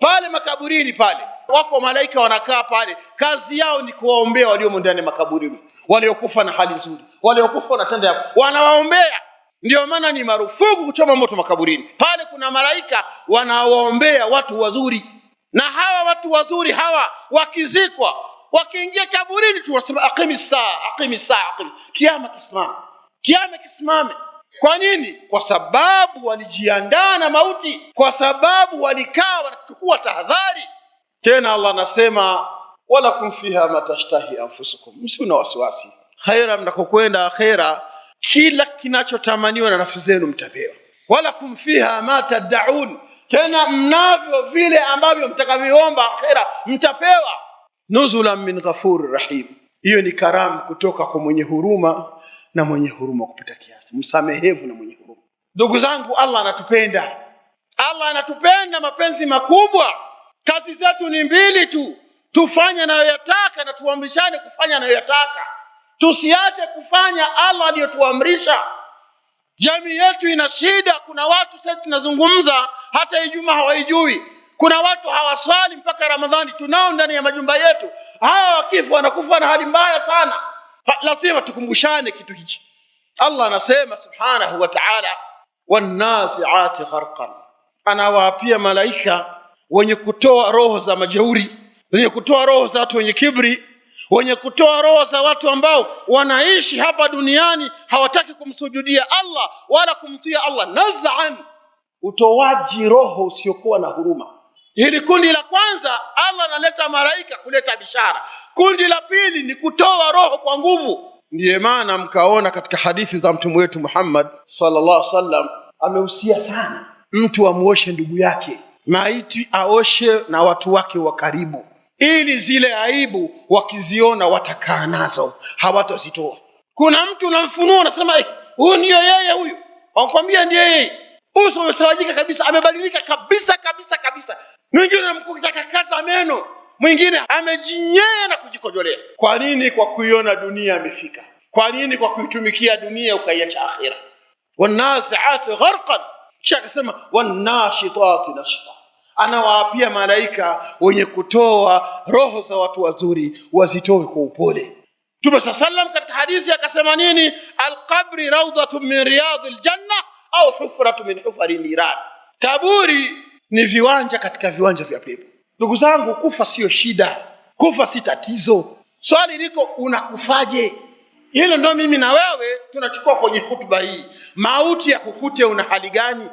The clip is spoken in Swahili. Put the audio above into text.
pale makaburini pale wako malaika wanakaa pale, kazi yao ni kuwaombea waliomo ndani ya makaburini, waliokufa na hali nzuri, waliokufa na tenda yao wanawaombea. ndio maana ni marufuku kuchoma moto makaburini. Pale kuna malaika wanawaombea watu wazuri, na hawa watu wazuri hawa wakizikwa, wakiingia kaburini tu wanasema aqimi saa aqimi saa aqimi, kiama kisimame, kiama kisimame. Kwa nini? Kwa sababu walijiandaa na mauti, kwa sababu walikaa kuchukua tahadhari tena Allah anasema wala kumfiha matashtahi anfusukum msiwe na wasiwasi khaira mnakokwenda akhera kila kinachotamaniwa na nafsi zenu mtapewa wala kumfiha ma tadaun tena mnavyo vile ambavyo mtakavyoomba akhera mtapewa nuzulan min ghafur rahim hiyo ni karamu kutoka kwa mwenye huruma na mwenye huruma kupita kiasi msamehevu na mwenye huruma ndugu zangu Allah anatupenda Allah anatupenda mapenzi makubwa. Kazi zetu ni mbili tu, tufanye anayoyataka na tuamrishane kufanya anayoyataka, tusiache kufanya Allah aliyotuamrisha. Jamii yetu ina shida. Kuna watu sasa tunazungumza, hata Ijumaa hawaijui. Kuna watu hawaswali mpaka Ramadhani, tunao ndani ya majumba yetu. Hawa wakifu wanakufa na hali mbaya sana. Lazima tukumbushane kitu hichi. Allah anasema subhanahu wa ta'ala, nasiati gharqan anawaapia malaika wenye kutoa roho za majeuri wenye kutoa roho za watu wenye kibri wenye kutoa roho za watu ambao wanaishi hapa duniani hawataki kumsujudia allah wala kumtia allah nazan utoaji roho usiokuwa na huruma hili kundi la kwanza allah analeta malaika kuleta bishara kundi la pili ni kutoa roho kwa nguvu ndiye maana mkaona katika hadithi za mtume wetu muhammad sallallahu alaihi wasallam amehusia sana mtu amwoshe ndugu yake, maiti aoshe na watu wake wa karibu, ili zile aibu wakiziona watakaa nazo, hawatozitoa. Kuna mtu unamfunua, unasema eh, huyu ndiyo yeye, huyu wakwambia ndiyo yeye, uso umesawajika kabisa, amebadilika kabisa kabisa kabisa. Mwingine namkutakakaza meno, mwingine amejinyea na kujikojolea. Kwa nini? Kwa kuiona dunia amefika. Kwa nini? Kwa kuitumikia dunia ukaiacha akhira. wannasiat ghara kisha akasema wanashitati nashta, anawaapia malaika wenye kutoa roho za watu wazuri wazitoe kwa upole. Mtume saa sallam katika hadithi akasema nini? Alqabri raudhatun min riyadhi ljanna au hufratu min hufari niran, kaburi ni viwanja katika viwanja vya pepo. Ndugu zangu, kufa siyo shida, kufa si tatizo. Swali liko unakufaje? Hilo ndo mimi na wewe tunachukua kwenye hutuba hii. Mauti ya kukute una hali gani?